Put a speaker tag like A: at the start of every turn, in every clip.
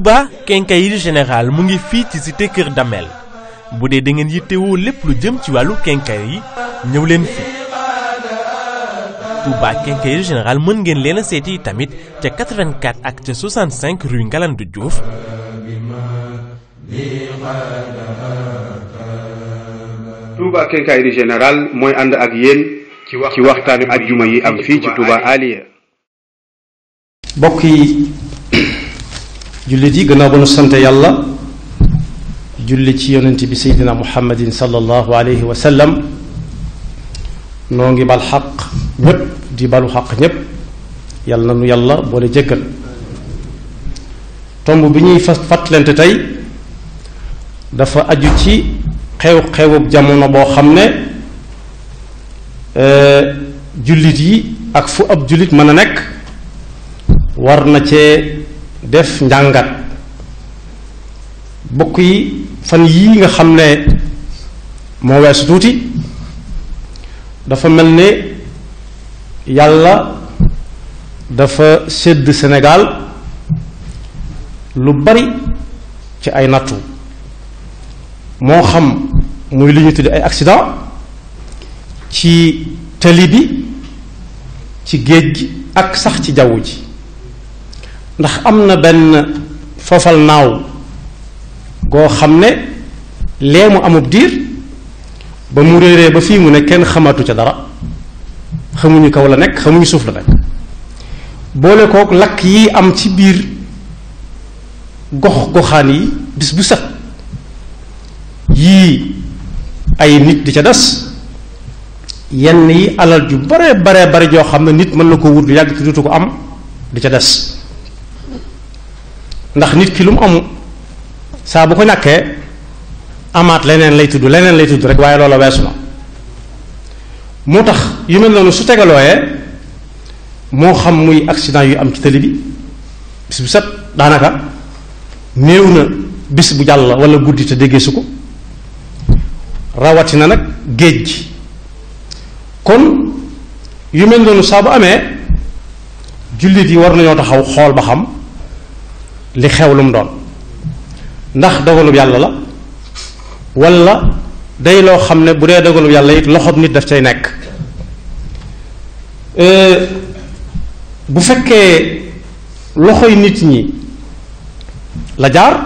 A: Touba quincaillerie général mu ngi fii ci cité Kër Damel bu dee da ngeen yittewoo lépp lu jëm ci wàllu quincaillerie yi ñëw leen fii mën ngeen leen a seeti tamit ca 84 ak ca 65 rue Ngalandou Diouf mooy ànd ak yéen ci waxtaanu ajjuma yi am fii ci Touba Aliya jullit yi gannaaw ba nu sant yàlla julli ci yonent bi seydina muhammadin sallallahu alayhi wa sallam noo ngi bal xaq ñépp di balu xaq ñépp yàlla na nu yàlla boole jéggal tomb bi ñuy fas fàttalante tey dafa aju ci xew-xewub jamono boo xam ne eh, jullit yi ak fu ab jullit mën a nekk war na cee def njàngat bokk yi fan yii nga xam ne moo weesu tuuti dafa mel ne yàlla dafa sedd senegaal lu bari ci ay nattu moo xam muy li ñu tudde ay accident ci tali bi ci géej gi ak sax ci jaww ji ndax am na benn foofal naaw goo xam ne lee mu amub diir ba mu réeree ba fii mu ne kenn xamatu ca dara xamuñu kaw la nekk xamuñu suuf la nekk boole kook lakk yi am ci biir gox goxaan yi bis bu set yii ay nit di ca des yenn yi alal ju bare bare bare joo xam ne nit mën na ko wut yàgg ci dutu ko am di ca des ndax nit ki lu mu amu saa bu ko ñàkkee amaat leneen lay tudd leneen lay tudd rek waaye loola weesu na moo tax yu mel noonu su tegalooyee moo xam muy accident yu am ci tëli bi bis bu set daanaka néew na bis bu jàll wala guddi te déggee su ko rawatina nag géej gi kon yu mel noonu saa bu amee jullit yi war nañoo taxaw xool ba xam li xew lu mu doon ndax dogalub yàlla la wala day loo xam ne bu dee dogalub yàlla it loxob nit daf cay nekk euh, bu fekkee yu nit ñi la jaar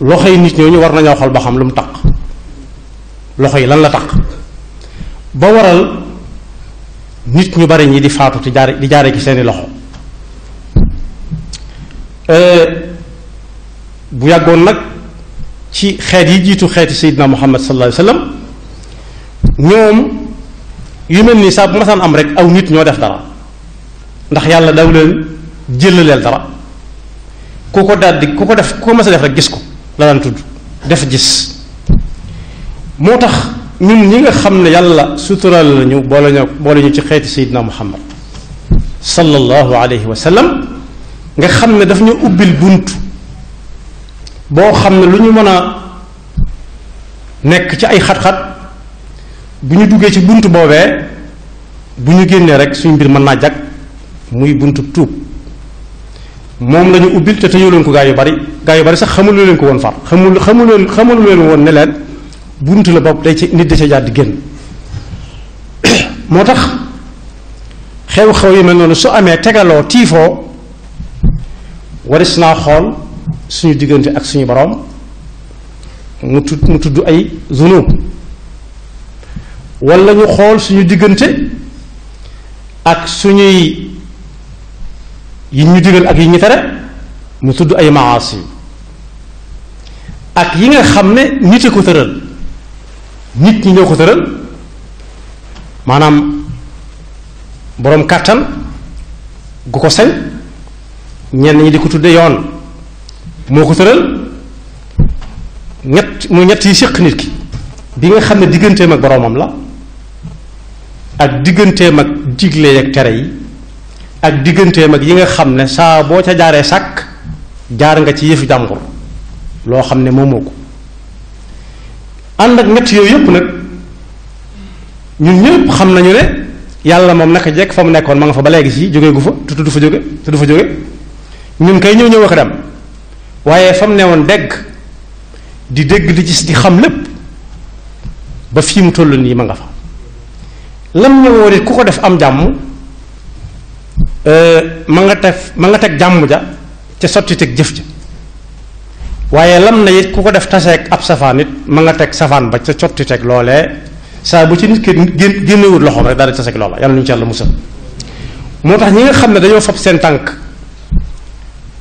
A: yu nit ñooñu war nañoo xool ba xam lu mu taq loxo yi lan la taq ba waral nit ñu bari ñi di faatu ci jaare di jaare ci seeni loxo Euh, bu yàggoon nag ci xeet yi jiitu xeeti Seydina Muhammad sallallahu alayhi wa sallam ñoom yu mel ni saa bu masaan am rek aw nit ñoo def dara ndax yàlla daw leen jëlaleel dara ku ko daal ku ko def ku ko mas a def rek gis ko la daan tudd def gis moo tax ñun ñi nga xam ne yàlla suturaal lañu boole ñu boole ñu ci xeeti Seydina Muhammad sallallahu alayhi wa sallam nga xam ne daf ñu ubbil bunt boo xam ne lu ñu mën a nekk ci ay xat-xat bu ñu duggee ci bunt boobee bu ñu génnee rek suñu mbir mën naa jag muy bunt tuub moom lañu ubbil te tëjoo ko gaa yu bari gaa yu bari sax xamuloo leen ko woon far xamul xamuleen xamul leen woon ne leen bunt la bopp day ci nit da ca jaar di génn moo tax xew-xew yi mel noonu su amee tegaloo tiifoo waris naa xool suñu diggante ak suñu boroom mu tudd mu tudd ay zunub walla ñu xool suñu diggante ak suñuy yi ñu digal ak yi ñu tere mu tudd ay maasi ak yi nga xam ne nite ko tëral nit ñi ñoo ko tëral maanaam boroom kàttan gu ko sañ ñenn ñi di ko tudde yoon moo ko tëral ñett mu ñett yi séq nit ki bi nga xam ne digganteem ak boroomam la ak digganteem ak digle ak tere yi ak digganteem ak yi nga xam ne saa boo ca jaaree sàkk jaar nga ci yëfu jàmbur loo xam ne moomoo ko ànd ak ñett yooyu yëpp nag ñun ñëpp xam nañu ne yàlla moom naka jekk fa mu nekkoon ma nga fa ba léegi ci jóge gu fa te du fa jóge te du fa jóge ñun kay ñëw ñëw ak dem waaye fam mu ne woon dégg di dégg di gis di xam lépp ba fii mu toll nii ma nga fa lam ñëwoon it ku ko def am jàmm euh, ma nga tef ma nga teg jàmm ja ca sotti jëf ja waaye lam na it ku ko def taseek ab safaan it ma nga teg safaan ba ca sotti loole saa bu ci nit ki génn génnewut loxoom rek daal di taseeg loola yàlla ñu ci yàlla musal moo tax ñi nga xam ne dañoo fab seen tànk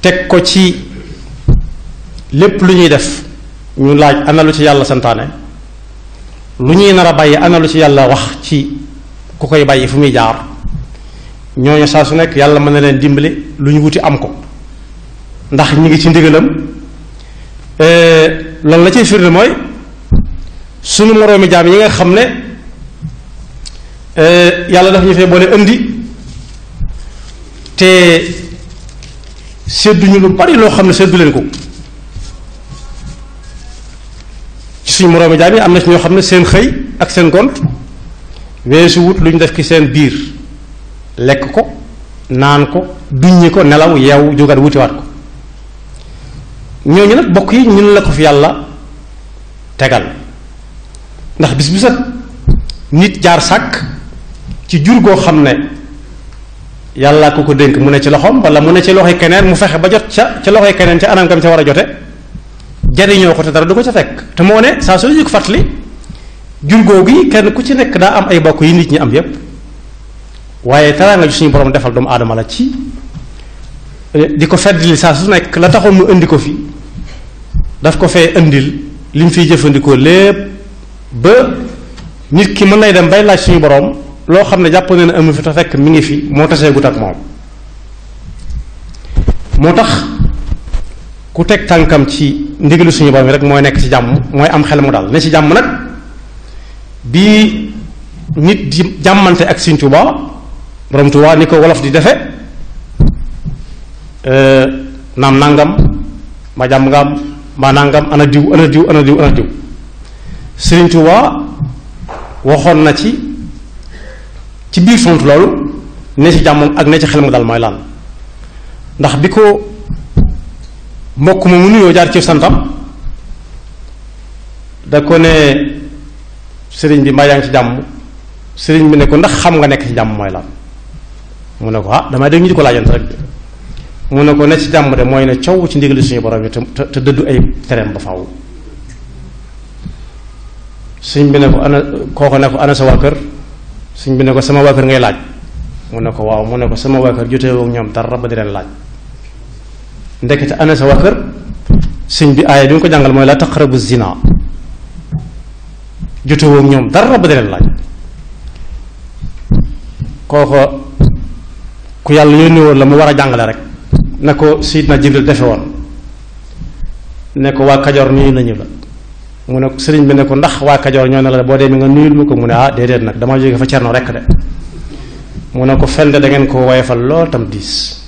A: teg ko ci lépp lu ñuy def ñu laaj ana lu ci yàlla santaane lu ñuy nar a bàyyi ana lu ci yàlla wax ci ku koy bàyyi fu muy jaar ñooñu saa su nekk yàlla mën na leen dimbali lu ñu wuti am ko ndax ñu ngi ci ndigalam euh, loolu la ciy firnde mooy sunu moroomi jaam yi nga xam ne euh, yàlla daf ñu fee boole indi te sédduñu lu bari loo xam ne séddu leen ko ci suñu moroomi jaam yi am na ci ñoo xam ne seen xëy ak seen gont weesu wut lu ñu def ci seen biir lekk ko naan ko duññi ko nelaw yeewu jógaat wutiwaat ko ñooñu nag bokk yi ñun la ko fi yàlla tegal ndax bis bu nit jaar sàkk ci jur goo xam ne yàlla ku ko dénk mu ne ci loxoom wala mu ne ci loxoy keneen mu fexe ba jot ca ca loxoy keneen ca anam kam ca war a jote jariñoo ko te dara du ko ca fekk te moo ne saa su ko fàttali jur googu kenn ku ci nekk daa am ay bokk yi nit ñi am yépp waaye teraanga ju suñu borom defal doomu adama la ci eh, di ko feddli saa su nekk la taxoon mu indi ko fi daf ko fee indil li mu fiy jëfandikoo lépp ba nit ki mën nay dem bay laaj suñu boroom loo xam ne jàpp ne ne amu fi te fekk mu ngi fi moo taseegut ak moom moo tax ku teg tànkam ci ndigalu suñu mi rek mooy nekk ci jàmm mooy am xel mu dal ne ci jàmm nag bi nit di jàmmante ak Sëriñ Tuubaa borom Tuubaa ni ko wolof di defe euh, naam nangam ma jàmm nga ma nangam ana diw ana diw ana diw ana diw Sëriñ Tuubaa waxoon na ci ci biir fonk loolu ne ci jàmm ak ne ci xel mu dal mooy lan ndax bi ko mbokk ma mu nuyoo jaar ci santam da ko ne sëriñ bi mbaa yaa ngi ci jàmm sëriñ bi ne ko ndax xam nga nekk ci jàmm mooy lan mu ne ko ah damay dégg ñu di ko laajante rek mu ne ko ne ci jàmm de mooy ne coow ci ndigal suñu borom yi te te dëddu ay tereem ba faaw sëriñ bi ne ko ana kooko ne ko ana sa waa kër sëñ bi ne ko sama waa kër ngay laaj mu ne ko waaw mu ne ko sama waa kër jotewoo ak ñoom dara ba di leen laaj ndekete ana waa kër sëñ bi aaya bi mu ko jàngal mooy la taqrabu zina jotewoo ak ñoom dara ba di leen laaj kooko ku yàlla yónni woon la mu war a jàngale rek na ko Seydina Jibril defe woon ne ko waa Kajoor nuyu nañu la mu ne sëriñ bi ne ko ndax waa Kajoor ñoo ne la boo demee nga nuyul ma ko mu ne ah déedéet nag damaa jóge fa cerno rekk de mu ne ko fende da ngeen ko woyofal lool tam diis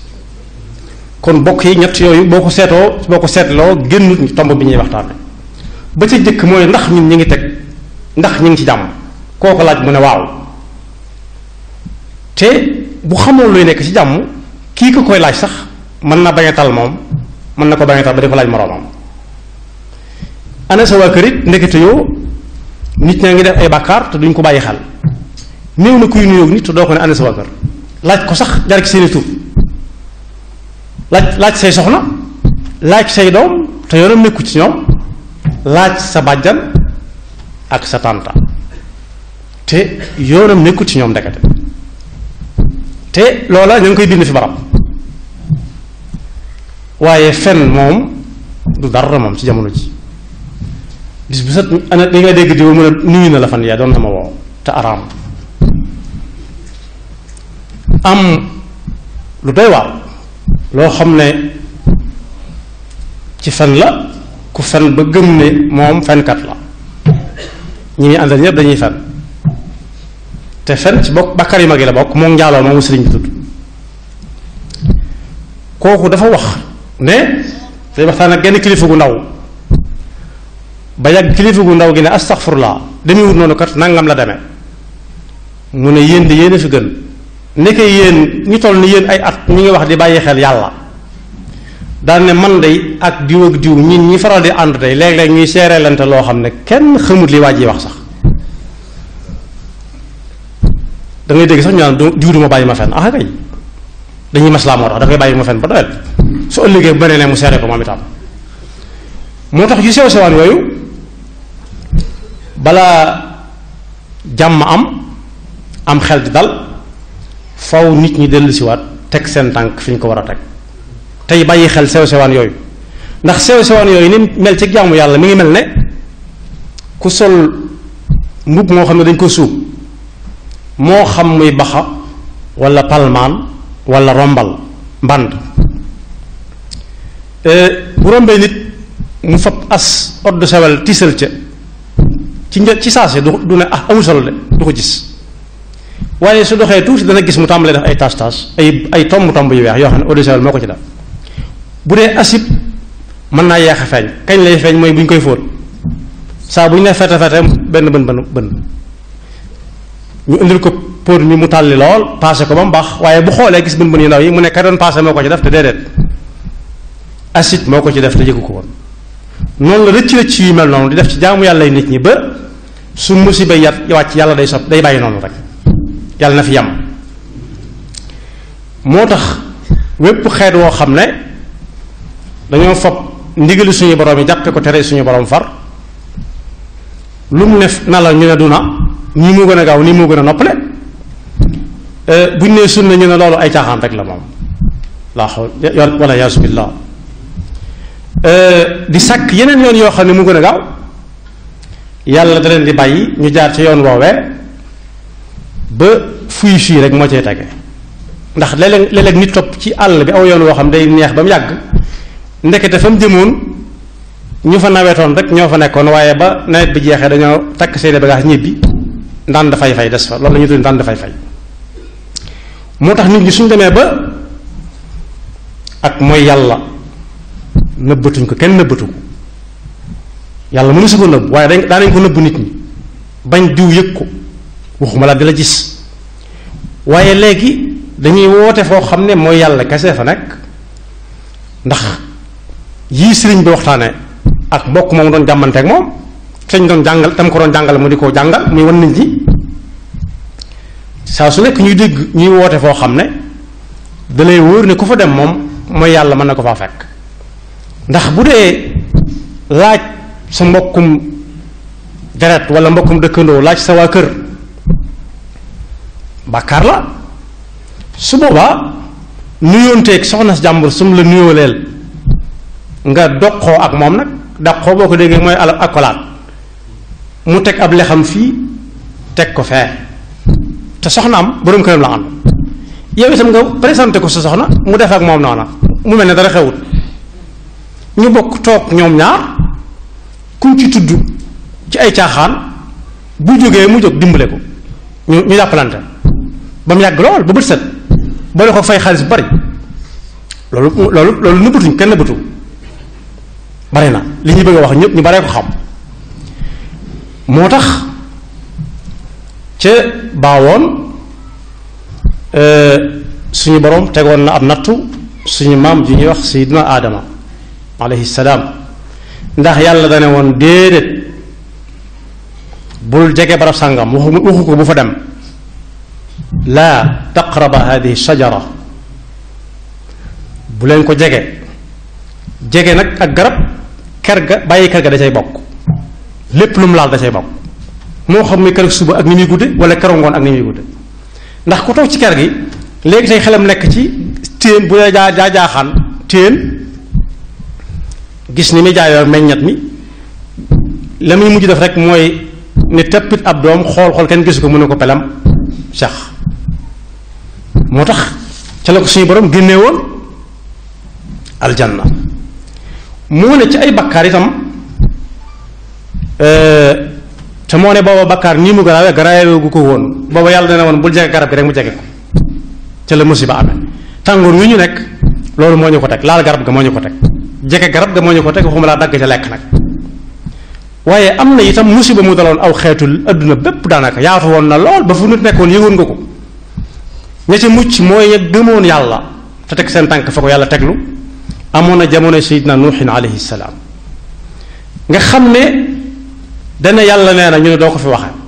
A: kon bokk yi ñett yooyu boo ko seetoo boo ko seetloo génnut tomb bi ñuy waxtaane ba ca jëkk mooy ndax ñun ñi ngi teg ndax ñu ngi ci jàmm kooku laaj mu ne waaw te bu xamoon luy nekk ci jàmm kii ko koy laaj sax mën na bañ a moom mën na ko bañ a tal ba di ko laaj ana sa waa kër it ndekete yow nit ñaa ngi def ay bàkkaar te duñ ko bàyyi xal néew na kuy nuyoog nit te doo ko ne ana sa waa laaj ko sax jar ci seen tur laaj laaj say soxna laaj say doom te yoonam nekku ci ñoom laaj sa bàjjan ak sa tànta te yoonam nekku ci ñoom ndekete te loola ñu ngi koy bind fi barab waaye fen moom du dara moom ci jamono ji bis bu set ana di nga dégg diw mu ne nuyu na la fan yaa doon na ma woo te araam am lu doy waar loo xam ne ci fen la ku fen ba gëm ne moom fenkat la ñi muy àndal ñëpp dañuy fen te fen ci bokk bakkar yu mag yi la bokk moom njaaloo moomu sëriñ bi tudd kooku dafa wax ne day waxtaan ak genn kilifa gu ndaw ba yàgg kilifa gu ndaw gi ne astaxfirullah demewut noonu kat nangam la demee mu ne yéen di yéen a fi gën nekkee yéen ñu toll ni yéen ay at ñu ngi wax di bàyyi xel yàlla daal ne man day ak diw ak diw ñin ñi faral di ànd day léeg-léeg ñuy seereelante loo xam ne kenn xamut li waa ji wax sax da dégg sax ñu naan diw du bàyyi ma fen ah kay dañuy maslaa moo tax da koy bàyyi ma fen ba doyal su ëllëgee bu ne mu seere ko moom itam moo tax yu sew balaa jàmm am am xel di dal faw nit ñi dellusiwaat teg seen tànk fi ñu ko war a teg tey bàyyi xel sew sewaan yooyu ndax sew sewaan yooyu ni mel ci jàmm yàlla mi ngi mel ne ku sol mbubb moo xam ne dañ ko suub moo xam muy baxa walla palmaan walla rombal mbànd eh, bu rombee nit mu fab as odd sawel tiisal ca ci një ci saase du du ne ah amul solo de du ko gis waaye su doxee tuuti dana gis mu tàmbalee def ay taas taas ay ay tomb tomb yu weex yoo xam ne audiovisuel moo ko ci def bu dee asib mën naa yeex feeñ kañ lay feeñ mooy bu ñu koy fóot saa bu ñu ne fete fete benn bën bën bën ñu indil ko pour mi mu tàlli lool paase ko ba mu baax waaye bu xoolee gis bën bën yu ndaw yi mu ne ka doon paase moo ko ci def te déedéet acide moo ko ci def te jëkku ko woon noonu la rëcc rëcc yi mel noonu di def ci jaamu yàlla nit ñi ba su musiba yat wàcc yàlla day sopp day bàyyi noonu rek yàlla na fi yam moo tax wépp xeet woo xam ne dañoo fob ndigali suñu borom yi jàppe ko tere suñu boroom far lu mu ne na la ñu ne du na nii moo gën a gaaw nii moo gën a noppale euh, buñ nee sunna ñu ne loolu ay caaxaan rek la moom laa xaw wala yasubillah Euh, di sàkk yeneen yoon yoo xam ne mu gën a gaaw yàlla da di bàyyi ñu jaar ci yoon woowee ba fuy fii rek moo cay tege ndax léeg-léeg léeg nit topp ci àll bi aw yoon woo xam day neex ba mu yàgg ndekete fa mu jëmoon ñu fa nawetoon rek ñoo fa nekkoon waaye ba nawet bi jeexee dañoo takk seeni bagage ñibbi ndànd fay fay des fa loolu la ñuy tudd fay fay moo tax nit ñi suñ demee ba ak mooy yàlla nëbbatuñ ko kenn nëbbatu ko yàlla mënu si ko nëbb waaye dañ daanañ ko nëbb nit ñi bañ diw yëg ko waxuma la di la gis waaye léegi dañuy woote foo xam ne mooy yàlla kese fa nekk ndax yii sëriñ bi waxtaane ak mbokk moom doon jàmmanteek moom sañ doon jàngal tam ko doon jàngale mu di ko jàngal muy wan nit ñi saa su nekk ñuy dégg ñuy woote foo xam ne dalay wóor ne ku fa dem moom mooy yàlla mën na ko faa fekk ndax bu dee laaj sa mbokkum deret wala mbokkum dëkkandoo laaj sa waa kër bàkkaar la su boobaa nuyoonteeg soxna si jàmbur su la nuyoo leel nga doqoo ak moom nag daqoo boo ko déggee mooy alal akolaat mu teg ab lexam fii teg ko fee te soxna soxnaam boroom këram la ànd yow itam nga présenté ko sa soxna mu def ak moom noona mu mel ne dara xewut ñu bokk toog ñoom ñaar kuñ ci tudd ci ay caaxaan bu jógee mu jóg dimbale ko ñu ñu jàppalante ba mu yàgg lool ba bët set boole ko fay xaalis bu bari loolu loolu loolu nëbbatuñ kenn nëbbatu bari na li ñuy bëgg a wax ñëpp ñu baree ko xam moo tax ca baawoon euh, suñu borom tegoon na ab nattu suñu maam ju ñuy wax si Seydina Adama alayhi salaam ndax yàlla dane woon déedéet bul jege barab sàngam waxu waxu ko bu fa dem laa taqraba hadihi shajara bu leen ko jege jege nag ak garab ker ga bàyyi ker ga da cay bokk lépp lu laal da cay bokk moo xam ni keroog suba ak ni muy gudde wala keroog ak ni muy gudde ndax ku toog ci ker gi léegi tey xelam nekk ci téen bu dee jaa jaa jaaxaan téen gis ni muy jaayoo meññat mi la muy mujj def rek mooy ne teppit ab doom xool xool kenn gisu ko mu ne ko pelam sax moo tax ca la ko suñu borom génnee woon aljanna moo ne ci ay bakkaar itam eh, te moo ne booba bakkaar nii mu garaawee garaawee gu ko woon booba yàlla dana woon bul jege garab gi rek mu jege ko ca la musiba amee tàngoor wi ñu nekk loolu moo ñu ko teg laal garab ga moo ñu ko teg jege garab ga moo ñu ko teg xuma laa dagg ca lekk nag waaye am na itam musiba mu daloon aw xeetul àdduna bépp daanaka yaatu woon na lool ba fu nit nekkoon yëgoon nga ko ña ca mucc mooy ya gëmoon yàlla te teg seen tànk fa ko yàlla teglu amoon na jamono sayidna nuuhin alayhi salaam nga xam ne dana yàlla nee na ñu ne doo ko fi waxe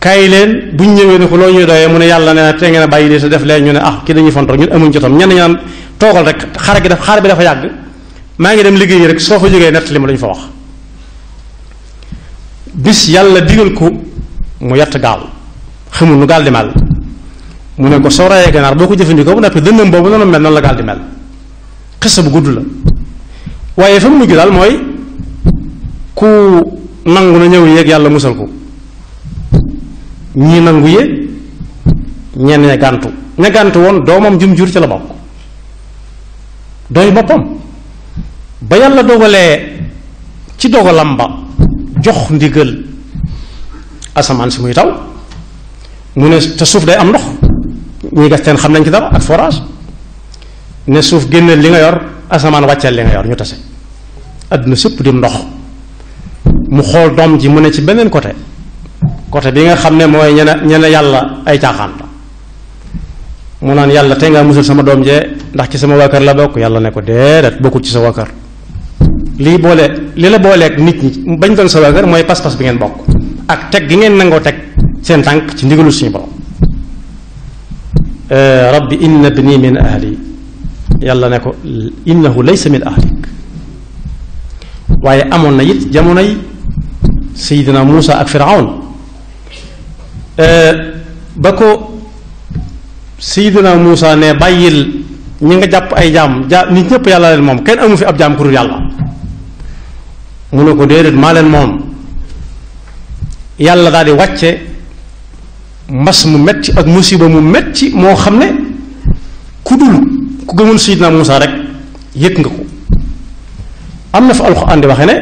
A: kaay leen bu ñu ñëwee ne ko loo ñuy doyee mu ne yàlla ne te ngeen a bàyyi lii te def leen ñu ne ah ki dañuy fonto ñun amuñ jotam ñenn ñu naan toogal rek xar gi dafa bi dafa yàgg maa ngi dem liggéeyi rek soo fa jógee nett li ma la fa wax bis yàlla digal ko mu yett gaal xamul nu gaal di mel mu ne ko soo rayee ganaar boo ko jëfandikoo ba noppi dënnam boobu noonu mel noonu la gaal di mel xisa bu gudd la waaye fa mu mujj daal mooy ku nangu na ñëw yeeg yàlla musal ko ñii nangu ye ñenn ña gàntu ña gàntu woon doomam jum jur ci la bokk doy boppam ba yàlla dogalee ci dogalam ba jox ndigal asamaan si muy taw mu ne suuf day am ndox ñuy gas teen xam nañ ci dara ak forage ne suuf génneel li nga yor asamaan wàcceel li nga yor ñu tase àdduna di dim ndox mu xool doom ji mu ne ci beneen côté côté bi nga xam ne mooy ñene ñene yàlla ay caaxaan la naan yàlla te ngaa musal sama doom jee ndax ci sama waa la bokk yàlla ne ko déedéet bokkul ci sa waa lii boole li la booleeg nit ñi bañ doon sa waa mooy pas-pas bi ngeen bokk ak teg gi ngeen nangoo teg seen tànk ci ndigalu suñu borom euh, rab inna bni min ahli yàlla ne ko innahu laysa min ahlik waaye amoon na it jamonoy sayidina Muusa ak Firawn Eh, ba ko Seydina Muusa ne bàyyil ñi nga jàpp ay jaam ja nit ñëpp yàlla leen moom kenn amu fi ab jaam ku dul yàlla mu ne ko déedéet maa leen moom yàlla daal di wàcce mbas mu metti ak musiba mu metti moo xam ne ku dul ku gëmul Seydina Muusa rek yëg nga ko am na fa alxuraan di waxe ne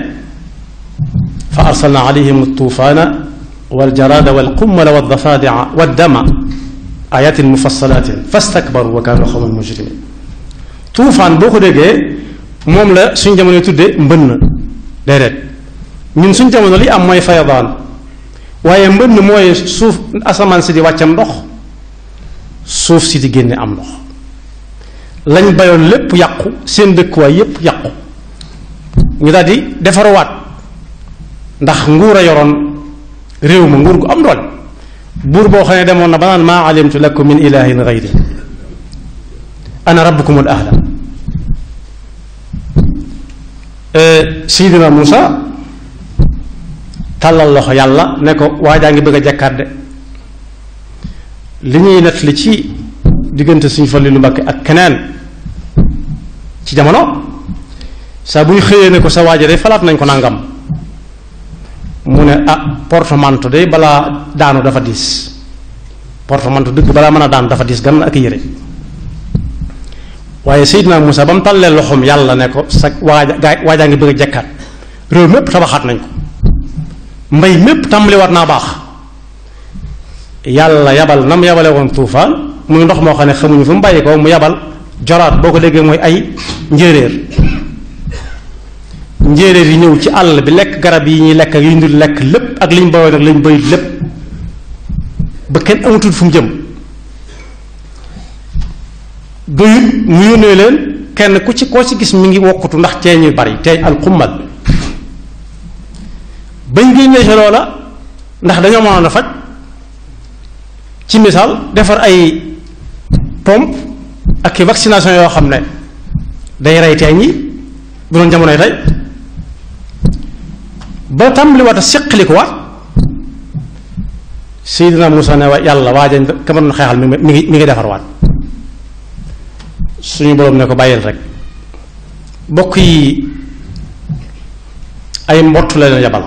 A: fa arsalna alayhim tuufaana والجراد والقمل والضفادع والدم آيات مفصلات فاستكبروا وكانوا قوما مجرمين tuufaan boo ko déggee moom la suñ jamono tuddee mbënn déedéet ñun suñ jamono li am mooy fayadaan waaye mbënn mooy suuf asamaan si di wàccam ndox suuf si di génne am ndox lañ bayoon lépp yàqu seen dëkkuwaay yépp yàqu ñu daal di defarawaat ndax nguur a yoroon réew ma nguur gu am doole buur boo xam ne demoon na ba naan maa alimtu lakum min ilahin gayri ana rabbukumul ahla euh, Sidina Muusa tàllal loxo yàlla ne ko waa jaa ngi bëgg a jàkkaar de li ñuy nett li ci diggante suñu fa Faliilu Mbàkke ak keneen ci jamono saa buy xëyee ne ko sa waaja de falaat nañ ko nangam. mu ne ah portemanteau de balaa daanu dafa diis portemanteau dëgg balaa mën a daanu dafa diis gan ak yére waaye Seydina Moussa ba mu tàllee loxoom yàlla ne ko sa waaja waajaa ngi bëgg a jekkaat réew mépp tabaxaat nañ ko mbay mépp tàmbaliwaat naa baax yàlla yabal na mu yabale woon tuufaan muy ndox moo xam ne xamuñu fi mu bàyyi ko mu yabal joraat boo ko déggee mooy ay njéeréer njéeréer yi ñëw ci àll bi lekk garab yi ñuy lekk ak yi ñu lekk lépp ak liñ bawoon ak lañu bayut lépp ba kenn amatul fu mu jëm doyut mu yónnee leen kenn ku ci koo ci gis mu ngi wokkutu ndax teeñ yu bari teeñ alxummal bañ génnee si loola ndax dañoo mënoon a faj ci misaal defar ay pompe ak i vaccination yoo xam ne day rey teeñ yi bu doon jamonoy tey ba tàmbaliwaat a seqalikuwaat Seydina Muusa ne wa yàlla waaja kama doon xeexal mi ngi mi ngi defarwaat suñu boroom ne ko bàyyil rek bokk yi ay mbott la leen yabal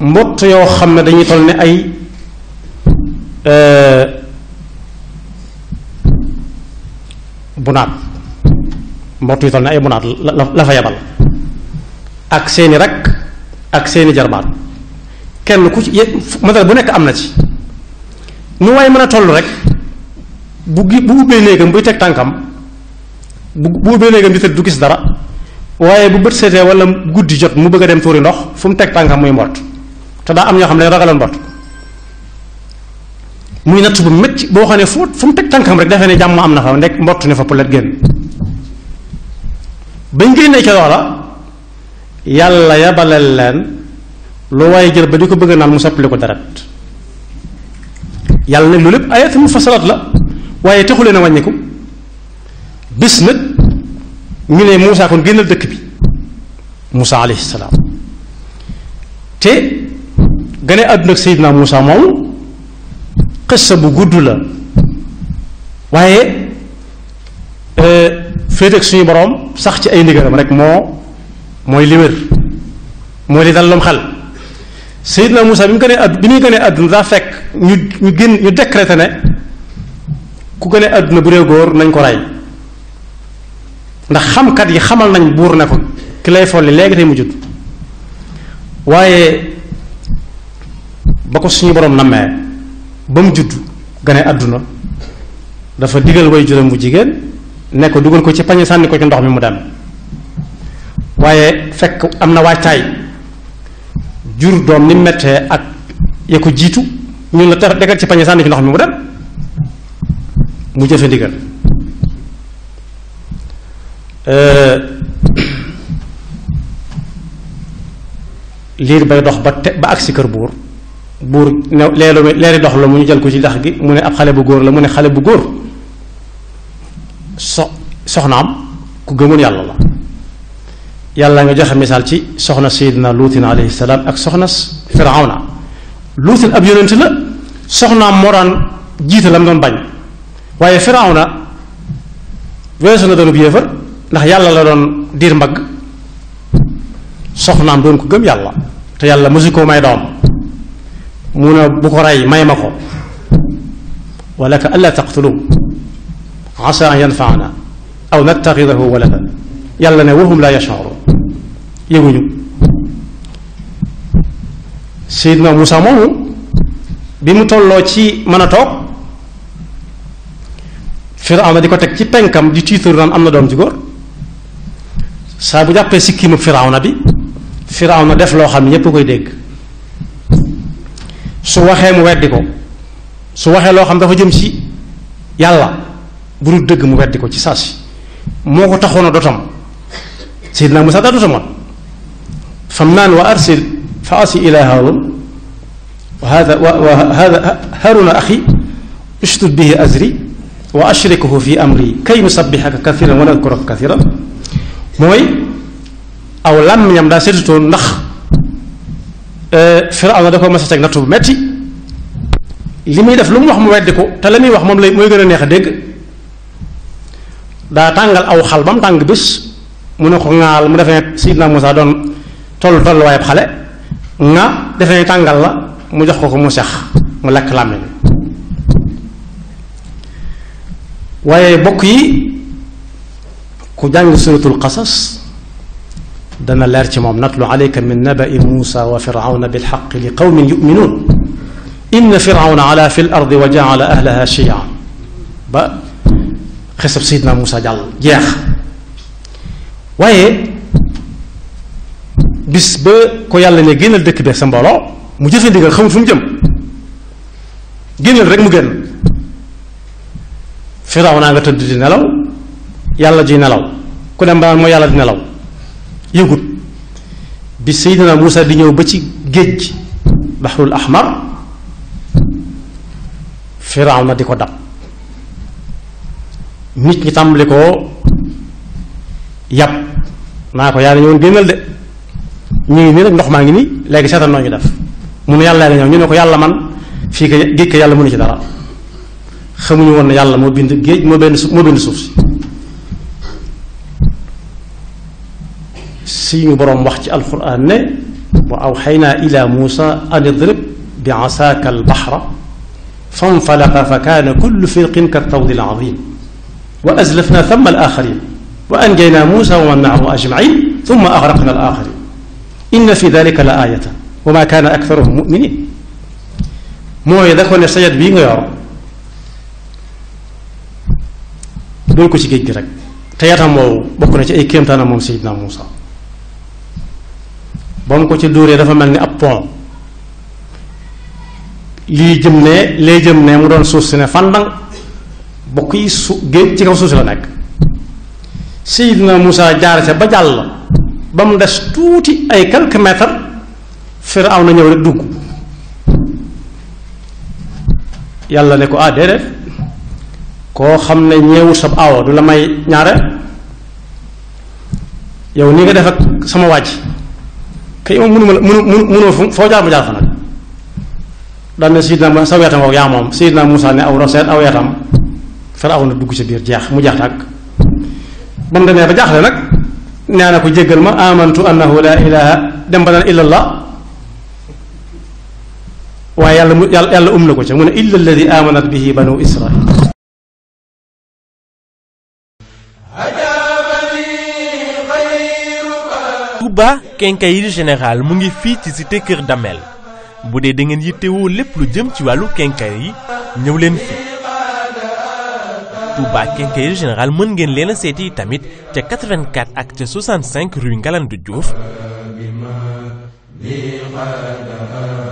A: mbott yoo xam ne dañuy toll ne ay euh, bunaat mbott yu toll ne ay bunaat la la fa yabal ak seeni rakk ak seeni jarbaat kenn ku ci masal bu nekk am na ci nu waaye mën a toll rek bu gi bu ubbee néegam buy teg tànkam bu bu ubbee néegam di tëdd du gis dara waaye bu bët seetee wala guddi jot mu bëgg a dem tuuri ndox fu mu teg tànkam muy mbott te daa am ñoo xam ne ragaloon mbott muy natt bu métti boo xam ne fu fu mu teg tànkam rek defe ne jàmm am na fa ndek mbott ne fa polet génn bañ génnee ca loola yàlla yabalal leen lu waaye jël ba di ko bëgg naan mu soppali ko deret yàlla nag loolu lépp ayat mufassalaat la waaye taxulee na wàññiku bis nag ñu ne Moussa kon génnal dëkk bi Moussa alayhi salaam te gane àdduna ak Seydina Moussa moom xissa bu gudd la waaye euh, féete ak suñu borom sax ci ay ndigalam rek moo mooy li wér mooy li dal lom xel Seydina Moussa bi mu gënee add àdduna daa fekk ñu ñu génn ñu décrété ne ku gënee àdduna bu dee góor nañ ko rey ndax xamkat yi xamal nañ buur ne ko ki lay folli léegi tey mu jut waaye ba ko suñu borom nammee ba mu judd gane àdduna dafa digal way juróom bu jigéen nekk ko dugal ko ci pañe sànni ko ci ndox mi mu dem waaye fekk am na waajtaay jur doom ni mettee ak ya ko jiitu ñun la tax degal ci pañe sànni ci ndox mi mu dem mu jëfe ndigal euh, liir bay dox ba te ba agsi kër buur buur ne leelu leeri dox la mu ñu jël ko ci dax gi mu ne ab xale bu góor la mu ne xale bu góor so soxnaam ku gëmoon yàlla la yàlla nga joxe misaal ci soxna Seydina Luutin alayhi ak soxna Firawna Luutin ab yonent la soxnaam moo daan jiite la doon bañ waaye Firawna weesu na doonub yéefar ndax yàlla la doon diir mbagg soxnaam doon ko gëm yàlla te yàlla mosu koo may doom mu ne bu ko rey may ma ko walaka allaa taqtulu asa an yanfaana aw nattaxidahu waladan yàlla ne wahum laa yash'uruun yëguñu Seydina Muusa moomu bi mu tolloo ci mën a toog na di ko teg ci penkam di tiitaru naan am na doom ci góor saa bu jàppee sikkimu na bi na def loo xam ne ñépp koy dégg su waxee mu weddi ko su waxee loo xam dafa jëm ci yàlla bu dul dëgg mu weddi ko ci saa si moo ko taxoon a dotam Seydina Muusa daa dotamoon صمنان وأرسل فأصي إلى هارون وهذا وهذا هارون أخي اشدد به أزري وأشركه في أمري كي نسبحك كثيرا ونذكرك كثيرا mooy aw làmmiñam daa seetutoon ndax Firawna da ko mas a teg nattu bu metti li muy def lu mu wax mu weddi ko te la muy wax moom lay mooy gën a neex a dégg daa tàngal aw xal ba mu tàng bés mu ne ko ŋaal mu defee Sidna Musaa doon toll tolluwaayab xale nga tàngal la mu jox ko ko mu sex mu lekk làmmiñ waaye bokk yi ku jàng suratul qasas dana leer ci moom natlu alayka min nabai muusa wa firawna bilxaq li qawmin yuminuun inna firawna ala fi l ardi wa jaala ahlaha chiyan ba xesab sayidna muusa jàll jeex waaye bis ba ko yàlla ne génnal dëkk bi sa mbooloo mu jëfe ndigal xamul fu mu jëm génnal rek mu génn firaw naa nga tëdd di nelaw yàlla di nelaw ku dem banaan mooy yàlla di nelaw yëgut bi Seydina Muusa di ñëw ba ci géej gi Bahrul Ahmar firaw na di ko dab nit ñi tàmbali ko yàpp naa ko yàlla ñëwoon génnal de ñu ngi nii rek ndox maa ngi nii léegi seetal noo ñu def mun yàlla la ñëw ñu ne ko yàlla man fii ko géej ko yàlla mënu ci dara xamuñu woon ne yàlla moo bind géej moo benn moo bind suuf si si ñu boroom wax ci alquran ne wa awxaynaa ila muusa an idrib bi asaaka albaxra fanfalaqa fa kaana kullu firqin ka tawdi al azim wa azlafna thumma al axarin wa anjaynaa muusa wa man maahu ajmain thumma axraqna al axarin inna fi dalika la aayatan wa ma kaana aktaruhum muminin mooy da ko ne sayet bii nga yor dóor ko ci géej gi rek te yatam woowu bokk na ci ay kéemtaanam moom Seydina Muusa ba mu ko ci dóoree dafa mel ni ab pont lii jëm ne lee jëm ne mu doon suuf si ne fandang bokk yi su géej ci kaw suuf si la nekk Seydina Muusa jaar ca ba jàll ba mu des tuuti ay quelques mètres firaw na ñëw rek dugg yàlla ne ko ah déedéet koo xam ne ñeewul sab awo du la may ñaare yow ni nga def ak sama wàcc kay moom mënuma mënu mënu mënuma fu foo jaar mu jaar fa nag daan ne Seydina sa wetam yaa moom Seydina Musaa ne aw roseet aw wetam firaw na dugg sa biir jeex mu jeex tàkk ba mu demee ba jaaxle nag nee na ko jéggal ma amantu annahu laa ilaha dem ba naan illallah waaye yàlla mu yàlla yàlla um na ko ca mu ne illa amanat bihi banu israil Touba quincaillerie générale mu ngi fii ci cité Kër Damel bu dee da ngeen yittewoo lépp lu jëm ci wàllu quincaillerie yi ñëw leen fii Touba quincaillerie générale mën ngeen leen a seeti tamit ca 84 ak ca 65 rue Ngalandou Diouf.